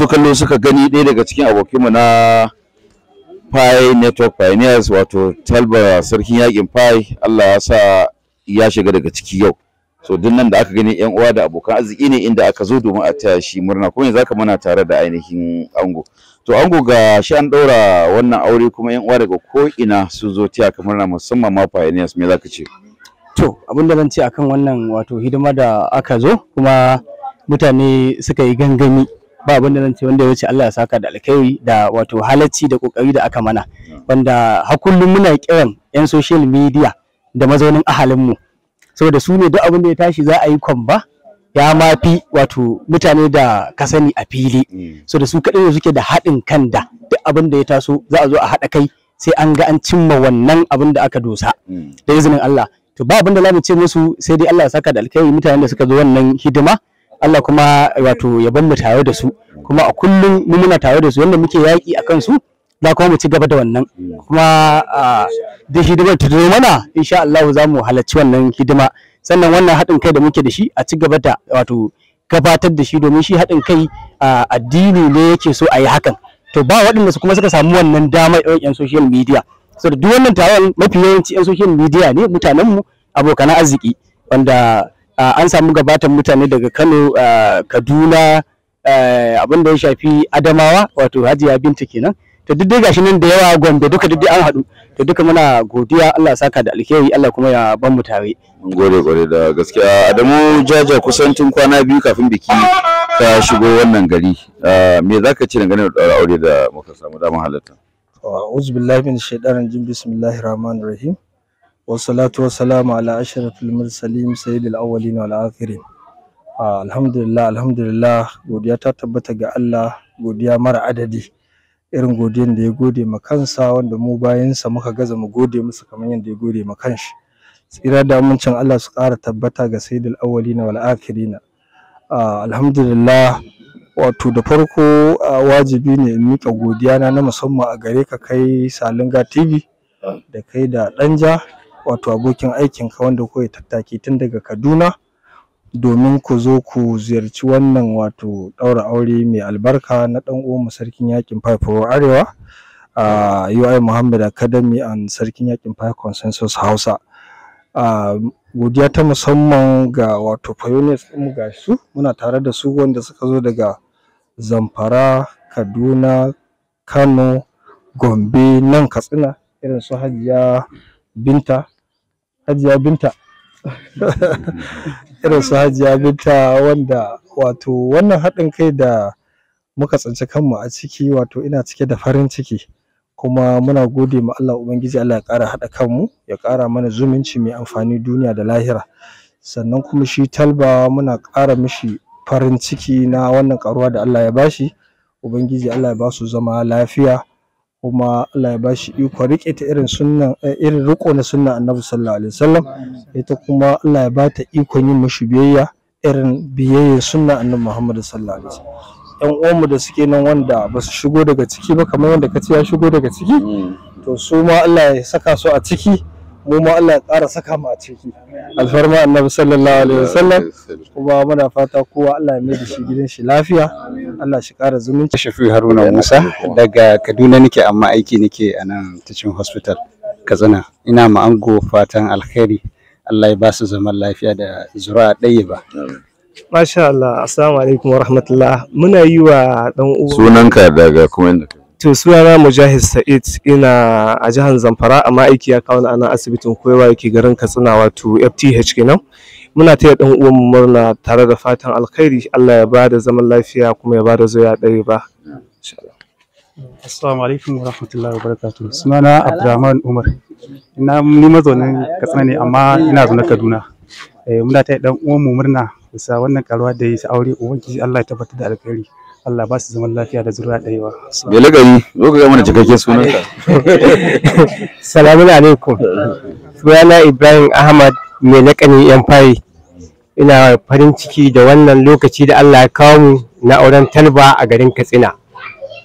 su kallo suka gani ɗaya daga cikin abokinmu na pi network pioneers wato talba sarkin yakin pi allah ya sa ya shiga daga ciki yau so duk nan da aka gani yan uwa da abokan arziki ne inda aka zo domin a taya shi murna kuma yanzu aka muna tare da ainihin ango to ango ga shi an ɗaura wannan aure kuma yan uwa daga ko ina su zo taya ka murna musamman ma pioneers me zaka ce to abin da zan ce akan wannan wato hidima da aka zo kuma mutane suka yi gangami ba abin da zan ce wanda ya wuce Allah ya saka da alkhairi da wato halacci da kokari da aka mana wanda har kullum muna kiran yan social media da mazaunin ahalin mu saboda su ne duk abin da ya tashi za a yi kwamba ya ma fi wato mutane da ka sani a fili mm. so da su kaɗai ne suke da haɗin kan da duk abin da ya taso za a zo a haɗa kai sai an ga an cimma wannan abin da aka dosa mm. da izinin Allah to ba abin da za mu ce musu sai dai Allah ya saka da alkhairi mutanen da suka zo wannan hidima Allah kuma wato ya bar mu tare da su kuma a kullum mu muna tare da su wanda muke yaƙi a su za kuma mu ci gaba da wannan kuma da hidimar ta zo mana insha Allah za mu halarci wannan hidima sannan wannan haɗin kai da muke da shi a ci gaba da wato gabatar da shi domin shi haɗin kai addini ne yake so a yi hakan to ba waɗanda su kuma suka samu wannan damar yan social media so da duk wannan taron mafi yawanci yan social media ne mutanenmu abokan arziki wanda an samu gabatan mutane daga Kano Kaduna abin da ya shafi Adamawa wato Hajiya Binta kenan to duk dai gashi nan da yawa Gombe duka duk an haɗu to duka muna godiya Allah saka da alkhairi Allah kuma ya ban mu tare gode gode da gaskiya Adamu jaja kusan tun kwana biyu kafin biki ka shigo wannan gari me zaka ce dangane da daura aure da muka samu damar halarta a'udhu billahi minash shaitanir rajim bismillahir rahmanir rahim والصلاة والسلام على أشرف المرسلين سيد الأولين والآخرين alhamdulillah alhamdulillah godiya ta tabbata ga Allah godiya mara adadi irin godiyan da ya gode ma kansa wanda mu bayansa muka gaza mu gode masa kamar yadda ya gode ma kanshi tsira da amincin Allah su ƙara tabbata ga sayyidul awwalina wal akhirina alhamdulillah wato da farko wajibi ne in mika godiya na na musamman a gare ka kai Salinga TV da kai da Danja wato abokin aikinka wanda kuka tattaki tun daga Kaduna domin ku zo ku ziyarci wannan wato ɗaura aure mai albarka na ɗan uwanmu sarkin yakin Fafo Arewa a UI Muhammad Academy and sarkin yakin Fafo Consensus Hausa. Godiya ta musamman ga wato pioneers mu ga su muna tare da su wanda suka zo daga Zamfara, Kaduna, Kano, Gombe, nan Katsina irin su Hajiya Binta hajiya binta irin su hajiya binta wanda wato wannan haɗin kai da muka tsanci kanmu a ciki wato ina cike da farin ciki kuma muna gode ma Allah Ubangiji Allah ya ƙara haɗa kanmu ya ƙara mana zumunci mai amfani duniya da lahira sannan kuma shi talba muna ƙara mishi farin ciki na wannan ƙaruwa da Allah ya bashi Ubangiji Allah ya ba su zama lafiya kuma Allah ya bashi iko rike ta irin sunna eh, irin riko na sunna Annabi sallallahu alaihi wasallam ita kuma Allah ya bata ikon yin mushi biyayya irin biyayya sunna Annabi Muhammad sallallahu alaihi wasallam yan uwanmu da suke nan wanda ba su shigo daga ciki ba kamar yadda kace ya shigo daga ciki mm. to su ma Allah ya saka su a ciki mu ma Allah ya ƙara saka mu a ciki alfarma annabi sallallahu alaihi wasallam kuma muna fata kowa Allah ya mai da shi gidan shi lafiya Allah shi ƙara zumunci Shafi Haruna Musa daga Kaduna nake amma aiki nake a nan Teaching Hospital Katsina ina ma ango fatan alkhairi Allah ya ba su zaman lafiya da zura ɗaya ba Masha Allah assalamu alaikum wa rahmatullah muna yi wa dan uwa sunanka daga kuma To sunana Mujahid Sa'id ina a jihar Zamfara amma aiki ya kawo ana asibitin koyarwa yake garin Katsina wato FTH kenan. Muna taya dan uwan mu murna tare da fatan alkhairi Allah ya bada zaman lafiya kuma ya bada zoya ɗaya ba. Assalamu alaikum wa rahmatullahi wa barakatuh. na Abdurrahman Umar. Ina ni mazaunin Katsina ne amma ina zaune Kaduna. Eh muna taya dan uwan mu murna bisa wannan karuwa da yi aure ubangiji Allah ya tabbatar da alkhairi. Allah ba su zaman lafiya da zuriya ɗayewa. Bele gari, zo ka ga da cikakken sunanka. Salamu alaikum. Sunana Ibrahim Ahmad mai laƙani yan fari. Ina farin ciki da wannan lokaci da Allah ya kawo mu na auren talba a garin Katsina.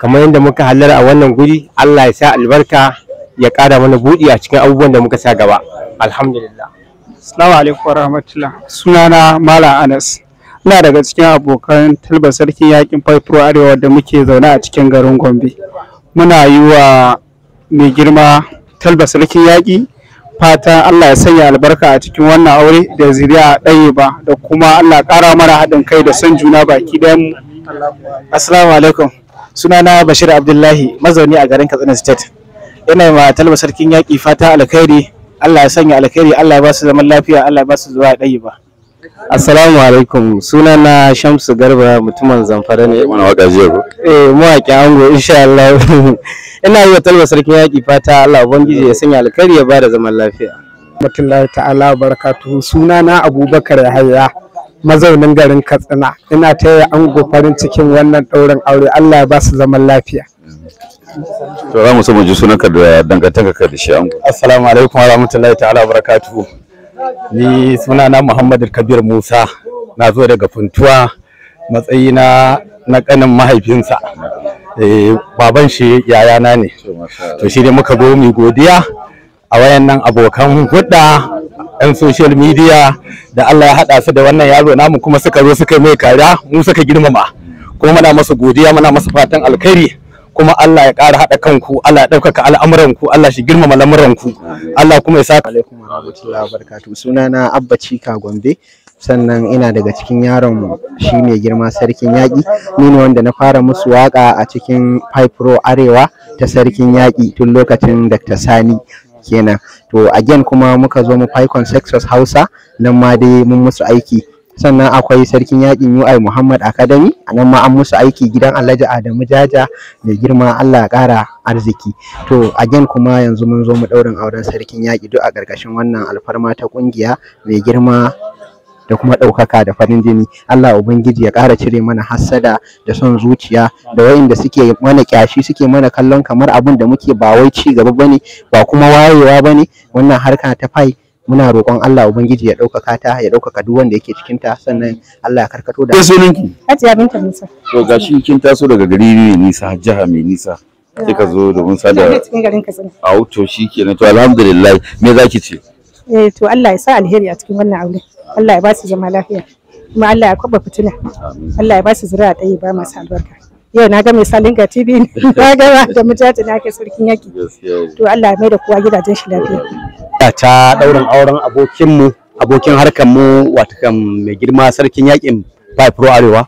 Kamar yadda muka halara a wannan guri, Allah ya sa albarka ya ƙara mana buɗi a cikin abubuwan da muka sa gaba. Alhamdulillah. Assalamu alaikum wa rahmatullah. Sunana Malam Anas. ina daga cikin abokan talba sarki yakin faifuro arewa da muke zaune a cikin garin gombe muna yi wa mai girma talba sarkin yaƙi fata allah ya sanya albarka a cikin wannan aure da zuriya ɗaye ba da kuma allah ƙara mara haɗin kai da son juna baki ɗayan mu assalamu alaikum sunana bashir abdullahi mazauni a garin katsina state yana ma talba sarkin yaƙi fata alkhairi allah ya sanya alkhairi allah ya ba su zaman lafiya allah ya ba su zuwa ɗaye ba Assalamu alaikum suna na Shamsu Garba mutumin Zamfara ne. Wani waka jiya ko? Eh mawaƙi ango insha Allah. Ina yi wa talba sarkin yaƙi fata Allah ubangiji ya sanya alkhairi ya bada zaman lafiya. Matullahi ta'ala barakatu suna na Abubakar Yahaya mazaunin garin Katsina. Ina ta yi ango farin cikin wannan ɗaurin aure Allah ya ba su zaman lafiya. To za mu so mu ji sunanka da dangantaka ka da shi ango. Assalamu alaikum wa rahmatullahi ta'ala barakatuhu. ni sunana Muhammadu Kabir Musa na zo daga Funtuwa matsayina na kanin mahaifinsa eh, baban shi yayana ne to shi ne muka zo mu godiya a wayannan abokan hudda yan social media da Allah ya haɗa su da wannan yaro namu kuma suka zo suka mai kariya mu suka girmama kuma muna masa godiya muna masa fatan alkhairi kuma Allah ya ƙara haɗa kanku Allah ya ɗaukaka al'amuranku Allah shi girmama lamuranku Allah kuma ya saka alaikum warahmatullahi wabarakatuh sunana Abba Chika Gombe sannan ina daga cikin yaron mu shi ne girma sarkin yaƙi ni ne wanda na fara musu waƙa a cikin Pro Arewa ta sarkin yaƙi tun lokacin Dr. Sani kenan to again kuma muka zo mu Pycon Sexus Hausa nan ma dai mun musu aiki sannan akwai sarkin yakin UI Muhammad Academy a nan ma an musu aiki gidan Alhaji Adamu Jaja Mai girma Allah ya ƙara arziki to again kuma yanzu mun zo mu ɗaurin auren sarkin yaƙi duk a ƙarƙashin wannan alfarma ta ƙungiya mai girma da kuma ɗaukaka da farin jini Allah ubangiji ya ƙara cire mana hassada da son zuciya da wayanda suke mana kyashi suke mana kallon kamar abin da muke ba wai ci gaba bane ba kuma wayewa bane wannan harka ta fai muna roƙon Allah ubangiji ya ɗaukaka ta ya ɗaukaka duk wanda yake cikin ta sannan Allah ya karkato da sunanki Hajiya binta Musa to gashi kin taso daga gari ne nisa jiha mai nisa kika zo domin sada cikin garin Katsina a to shikenan to alhamdulillah me zaki ce eh to Allah ya sa alheri a cikin wannan aure Allah ya ba su zama lafiya kuma Allah ya kwaba fituna Allah ya ba su zuriya ɗaya ba masu albarka yau na ga mai salinga tv na gaba da mutata na ke sarkin yaki to Allah ya mai da kowa gidajen shi lafiya ta daurin auren abokinmu abokin harkar mu kan mai girma sarkin yakin Pro Arewa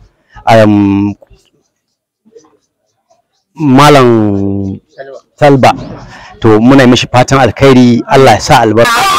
Malam Talba to muna mishi fatan alkhairi Allah ya sa albarka